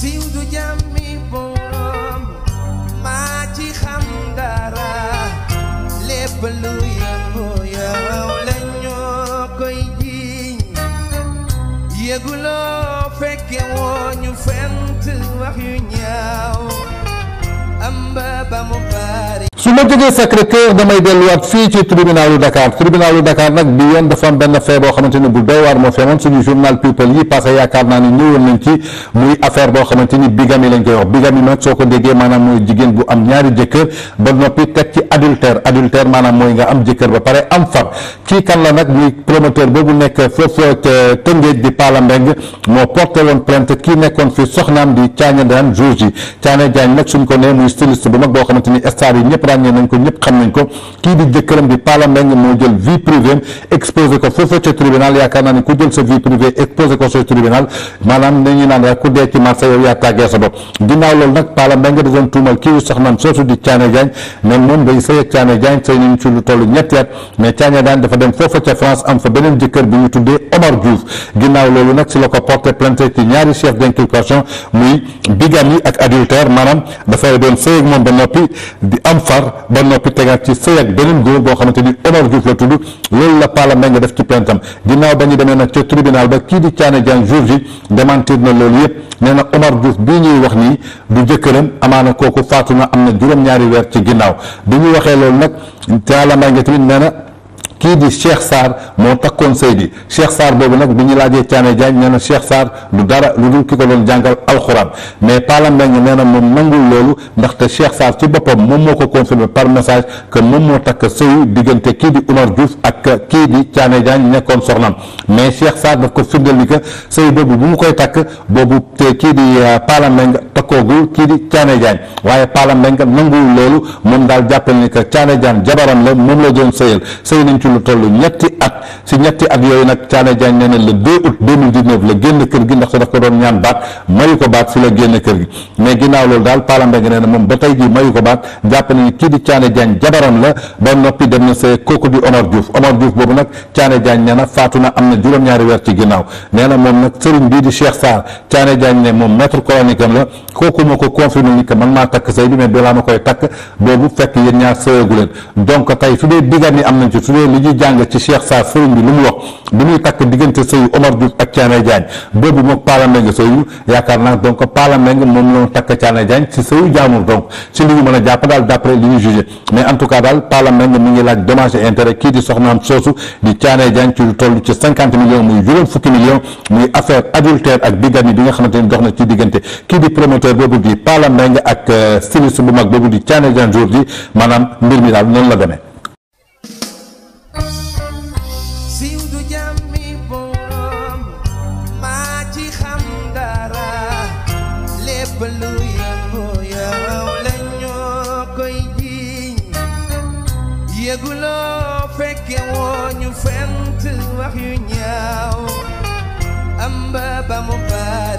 siiw du jàmmi borom maa xam dara lépp lu yëngu yow la ñoo koy jiiñ yëguloo fekke woo ñu fent wax yu ñaaw ma jógee Sacré-Cœur damay delluwaat fii ci tribunalu Dakar tribunalu Dakar nag bi yoon dafa benn fee boo xamante bu doy moo feemoon suñu journal people yi parce yaakaar naa ni ñëwoon nañ ci muy affaire boo xamante ni lañ koy wax bigamie nag soo ko déggee maanaam mooy nga am jëkkër ba pare am far kii kan la nag muy promoteur boobu nekk foofu euh, Tëngéej di Pala moo porté plainte kii nekkoon fi soxnaam di Thiagne Diagne jour ji Thiagne Diagne nañ ko ñëpp xam nañ ko kii di jëkkëram di Pala Mbengue moo jël vie privée exposé ko foofa ca tribunal yaakaar naa ni ku jël sa vie privée exposé ko sa tribunal maanaam dañuy naan yaa ku dee ci marché yow yaa tàggee sa ginnaaw loolu nag Pala Mbengue da doon tuumal kii dafa dem foofa ca France am fa beneen jëkkër bi ñu tuddee Omar Diouf ginnaaw loolu nag si la ko porté plainte ci ñaari chef d'inculpation muy bigamie ak adultère maanaam dafay doon sëy ak moom Omar ba noppi tegaat ci sëy ak beneen góor boo xamante ni Omar Diouf la tudd loolu la Pala Mbengue def ci pentam ginnaaw ba ñu demee nag ca tribunal ba kii di Thiané Diagne jour ji na loolu yëpp nee na Omar Diouf bii ñuy wax nii du jëkkëram amaana kooku faatu am na juróom-ñaari weer ci ginnaaw bi ñu waxee loolu nag Pala Mbengue tamit nee kii di Cheikh Sarr moo takkoon sëy bi Cheikh Sarr boobu nag bi ñu laajee Thiané Diagne nee na Cheikh Sarr du dara lu dul ki ko doon jàngal alxuraan mais Pala Mbengue nee na moom nangul loolu ndaxte Cheikh Sarr ci boppam moom moo ko confirmé par message que moom moo takk sëyu diggante kii di Oumar Diouf ak kii di Thiané Diagne nekkoon soxnaam mais Cheikh Sarr daf ko firndeel ni que sëy boobu bu mu koy takk boobu te kii di euh, Pala Mbengue takkoogul kii di Thiané Diagne waaye Pala Mbengue nangul loolu moom daal jàppal ni que Thiané Diagne jabaram la moom la doon sëyal sëy nañ ci lu toll ñetti at si ñetti at yooyu nag Thiané Diagne nee na le 2 août 2019 la génn kër gi ndaxte daf ko doon ñaan baat mayu ko baat si la génn kër gi mais ginnaaw loolu daal Pala Mbengue nee moom ba tey jii mayu ko baat jàpp kii di Thiané jabaram la ba noppi dem na see kooku di Omar Diouf Omar Diouf boobu nag Thiané Diagne faatu na am na juróom-ñaari weer ci ginnaaw nee moom nag sëriñ bii di Cheikh Sarr Thiané ne moom maître coranique am li ñuy jàng ci Cheikh Sarr sëriñ bi lu mu wax bi muy takk diggante sëyu Omar Diouf ak Thiané Diagne boobu moom Paala Mbengue sëyu yaakaar naa donc Paala Mbengue moom la takk Thiané Diagne ci sëyu jaamur donc ci li ñu mën a jàpp daal d'après mais en tout cas daal Paala Mbengue mi ngi laaj dommage et intérêt kii di soxnaam soosu di Thiané Diagne ci lu toll ci cinquante muy juróom fukki millions muy affaire adultère ak bigamie bi nga xamante ni dox na ci diggante kii di promoteur boobu di Paala Mbengue ak euh, styliste bu mag boobu di Thiané Diagne jour ji maanaam mbir mi daal noonu la demee du jàmmi borom maa xam dara lépp lu yëngu yow la ñoo koy jiiñ yëguloo fekke woo ñu fent wax yu ñaaw amba ba mu bari